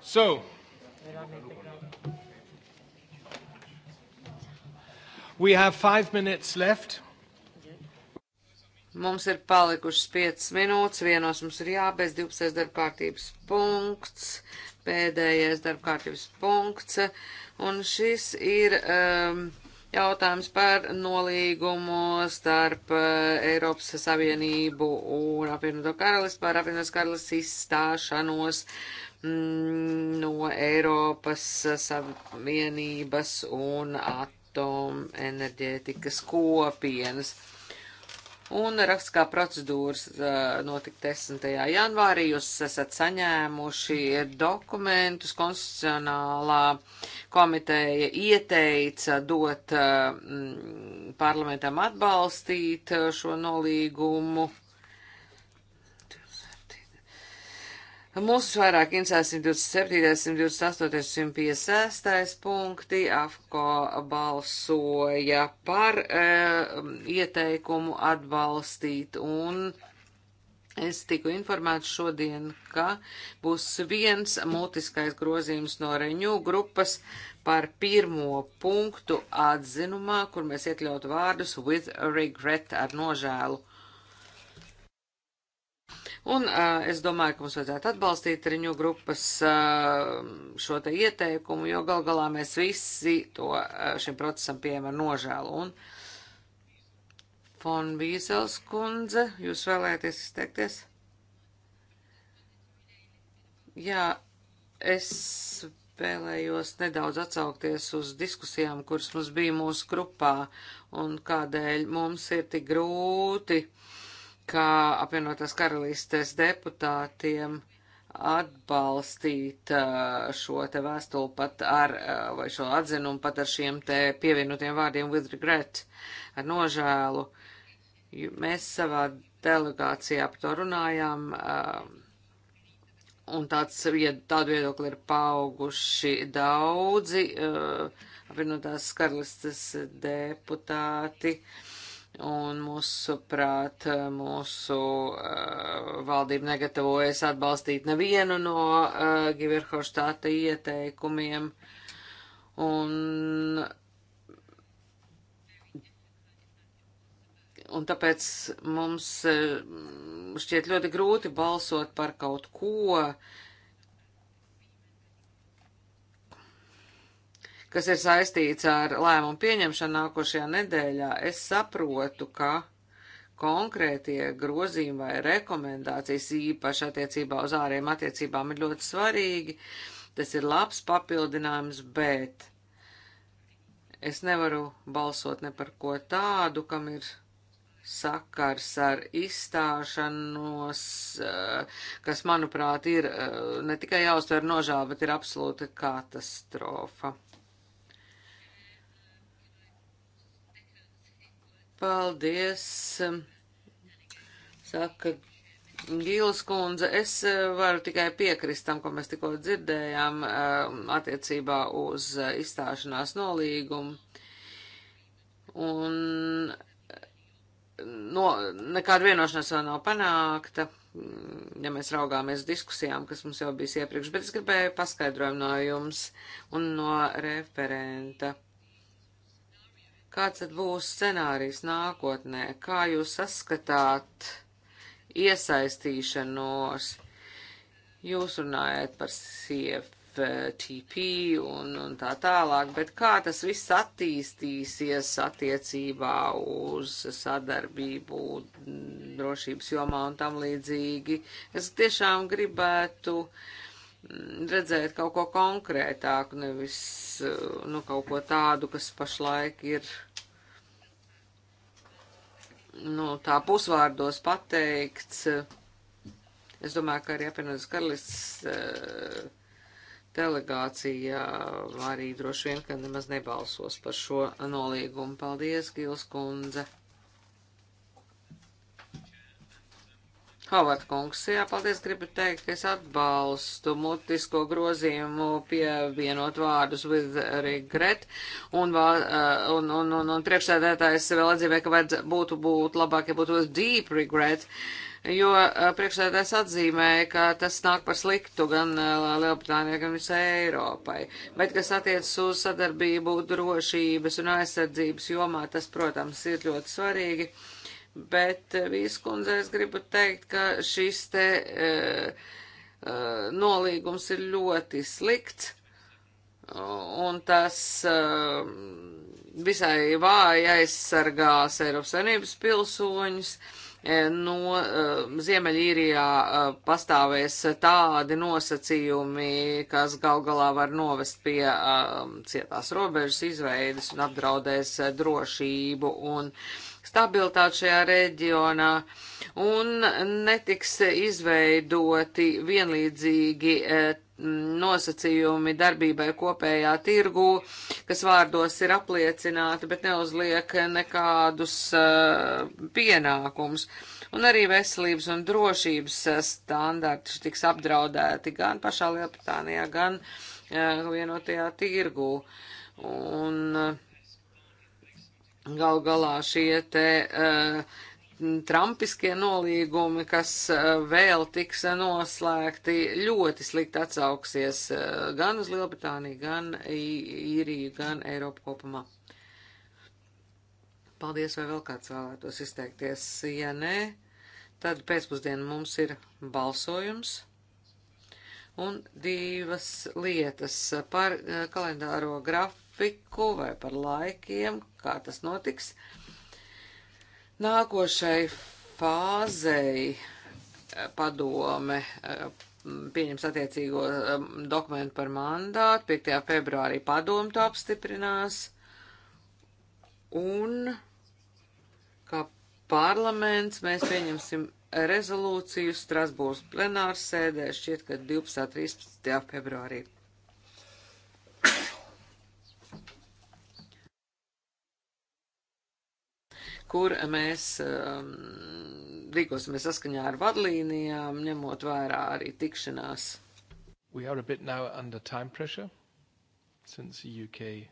So, we have five minutes left. Mums ir palikušas 5 minūtes, vienos mums ir jābeidz 12. darbkārtības punkts, pēdējais darbkārtības punkts, un šis ir um, jautājums par nolīgumu starp uh, Eiropas Savienību un apvienoto karalistu par apvienotās karalistas izstāšanos no Eiropas Savienības un atomenerģētikas kopienas. Un rakstiskā procedūras notika 10. janvārī. Jūs esat saņēmuši dokumentus. Konstitucionālā komiteja ieteica dot parlamentam atbalstīt šo nolīgumu Nu, mūsu vairāk interesēs 127, 128, 156 punkti. AFCO balsoja par e, ieteikumu atbalstīt un es tiku informēts šodien, ka būs viens mutiskais grozījums no Reņu grupas par pirmo punktu atzinumā, kur mēs iekļautu vārdus with regret ar nožēlu. Un uh, es domāju, ka mums vajadzētu atbalstīt riņu grupas uh, šo te ieteikumu, jo gal galā mēs visi to uh, šim procesam pieejam ar nožēlu. Un Fon Bīsels kundze, jūs vēlēties izteikties? Jā, es vēlējos nedaudz atsaukties uz diskusijām, kuras mums bija mūsu grupā un kādēļ mums ir tik grūti uh, kā apvienotās karalīstes deputātiem atbalstīt uh, šo te vēstuli pat ar, uh, vai šo atzinumu pat ar šiem te pievienotiem vārdiem with regret, ar nožēlu. Mēs savā delegācijā par to runājām, uh, un tāds, tādu viedokli ir pauguši daudzi apvienotās karalistas deputāti. Uh, un mūsuprāt, mūsu uh, valdība negatavojas atbalstīt nevienu no uh, eh, Giverhorštāta ieteikumiem, un, un tāpēc mums eh, šķiet ļoti grūti balsot par kaut ko, uh, kas ir saistīts ar lēmumu pieņemšanu nākošajā nedēļā, es saprotu, ka konkrētie grozījumi vai rekomendācijas īpaši attiecībā uz āriem attiecībām ir ļoti svarīgi. Tas ir labs papildinājums, bet es nevaru balsot ne par ko tādu, kam ir sakars ar izstāšanos, eh, kas, manuprāt, ir eh, ne tikai jāuztver nožēla, bet ir absolūta katastrofa. Paldies, saka Gīlas kundze. Es eh, varu tikai piekrist tam, ko mēs tikko dzirdējām eh, attiecībā uz eh, izstāšanās nolīgumu. Un no, nekāda vienošanās vēl nav panākta, mm, ja mēs raugāmies diskusijām, kas mums jau bijis iepriekš, bet es gribēju paskaidrojumu no jums un no referenta. Uh, Kāds tad būs scenārijs nākotnē? Kā jūs saskatāt iesaistīšanos? Jūs runājat par CFTP un, un tā tālāk, bet kā tas viss attīstīsies attiecībā uz sadarbību drošības jomā un tam līdzīgi? Es tiešām gribētu uh, redzēt kaut ko konkrētāku, nevis eh, nu, kaut ko tādu, kas pašlaik ir nu, tā pusvārdos pateikts. Es domāju, ka arī apvienotās karalists eh, delegācija arī droši vien, ka nemaz nebalsos par šo nolīgumu. Paldies, Gils kundze! Havard kungs, jā, paldies, gribu teikt, ka es atbalstu mutisko grozījumu pievienot vārdus with regret, un, eh, un, un, un, un priekšsēdētājs vēl atzīmē, ka vajadz būtu būt labāk, ja būtu with deep regret, jo eh, priekšsēdētājs atzīmēja, ka tas nāk par sliktu gan eh, Lielbritānijai, gan visai Eiropai, bet kas attiecas uz sadarbību drošības un aizsardzības jomā, tas, protams, ir ļoti svarīgi bet eh, vīskundze es gribu teikt, ka šis te uh, uh, nolīgums ir ļoti slikts un tas uh, visai vāji aizsargās Eiropas Savienības pilsoņus. No uh, Ziemeļīrijā uh, pastāvēs tādi nosacījumi, kas gal galā var novest pie cietās robežas izveidas un apdraudēs drošību un uh, stabilitāti šajā reģionā un netiks izveidoti vienlīdzīgi eh, nosacījumi darbībai kopējā tirgū, kas vārdos ir apliecināti, bet neuzliek nekādus uh, pienākumus. Un arī veselības un drošības eh, standarti tiks apdraudēti gan pašā Lielbritānijā, gan uh, vienotajā tirgū. Un, uh, Gal galā šie te uh, eh, trampiskie nolīgumi, kas eh, vēl tiks noslēgti, ļoti slikti atsauksies eh, gan uz Lielbritāniju, gan īriju, gan Eiropu kopumā. Paldies, vai vēl kāds vēlētos izteikties? Ja nē, tad pēcpusdienā mums ir balsojums un divas lietas par kalendāro grafiku grafiku vai par laikiem, kā tas notiks. Nākošai fāzei eh, padome eh, pieņems attiecīgo eh, dokumentu par mandātu, 5. februārī padomu to apstiprinās, un kā parlaments mēs pieņemsim rezolūciju Strasbūras plenārsēdē, šķiet, ka 12. 13. februārī. kur mēs um, rīkosimies saskaņā ar vadlīnijām, ņemot vērā arī tikšanās. We are a bit now under time pressure since the UK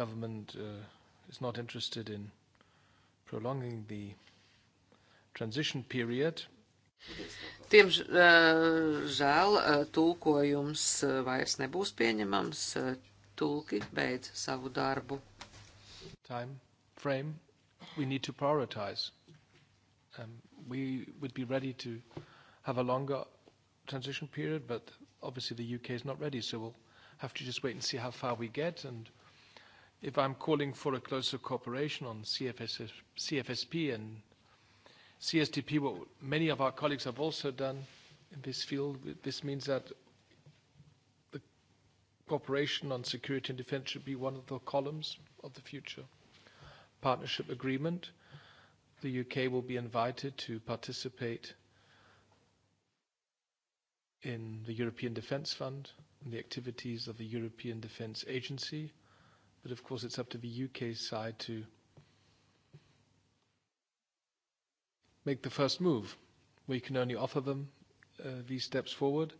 government uh, is not interested in prolonging the transition period. Tiemžēl uh, uh, tulkojums uh, vairs nebūs pieņemams. Tulki beidz savu darbu. Time frame we need to prioritize. Um, we would be ready to have a longer transition period, but obviously the UK is not ready, so we'll have to just wait and see how far we get. And if I'm calling for a closer cooperation on CFS, CFSP and CSDP, what many of our colleagues have also done in this field, this means that the cooperation on security and defense should be one of the columns of the future partnership agreement. The UK will be invited to participate in the European Defence Fund and the activities of the European Defence Agency. But of course, it's up to the UK side to make the first move. We can only offer them uh, these steps forward.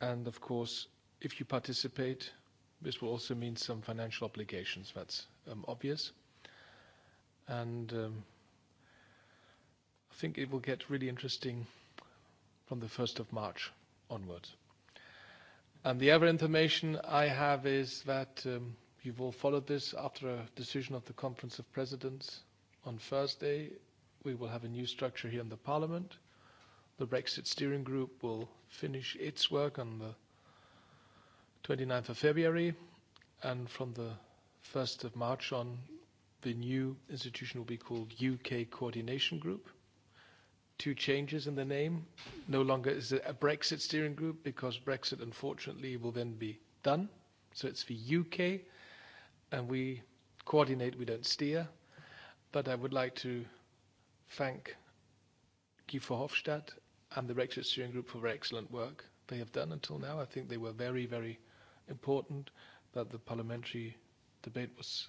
And of course, if you participate, this will also mean some financial obligations. That's um, obvious. And um, I think it will get really interesting from the 1st of March onwards. And the other information I have is that um, you've all followed this. After a decision of the Conference of Presidents on Thursday, we will have a new structure here in the Parliament. The Brexit Steering Group will finish its work on the 29th of February, and from the 1st of March on, The new institution will be called UK Coordination Group. Two changes in the name. No longer is it a Brexit steering group because Brexit, unfortunately, will then be done. So it's for UK, and we coordinate, we don't steer. But I would like to thank Guy Verhofstadt and the Brexit Steering Group for very excellent work they have done until now. I think they were very, very important that the parliamentary debate was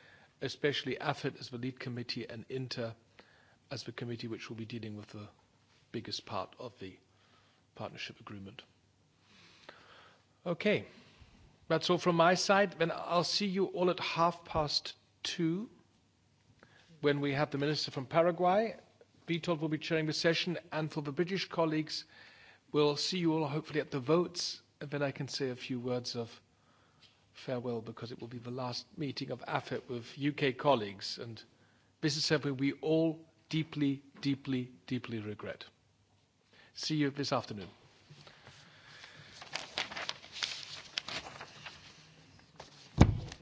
especially AFID as the lead committee and INTER as the committee which will be dealing with the biggest part of the partnership agreement. Okay. That's all from my side. Then I'll see you all at half past two when we have the minister from Paraguay. Vitold will be chairing the session. And for the British colleagues, we'll see you all hopefully at the votes. And then I can say a few words of farewell because it will be the last meeting of AFET with UK colleagues, and this is something we all deeply, deeply, deeply regret. See you this afternoon.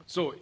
So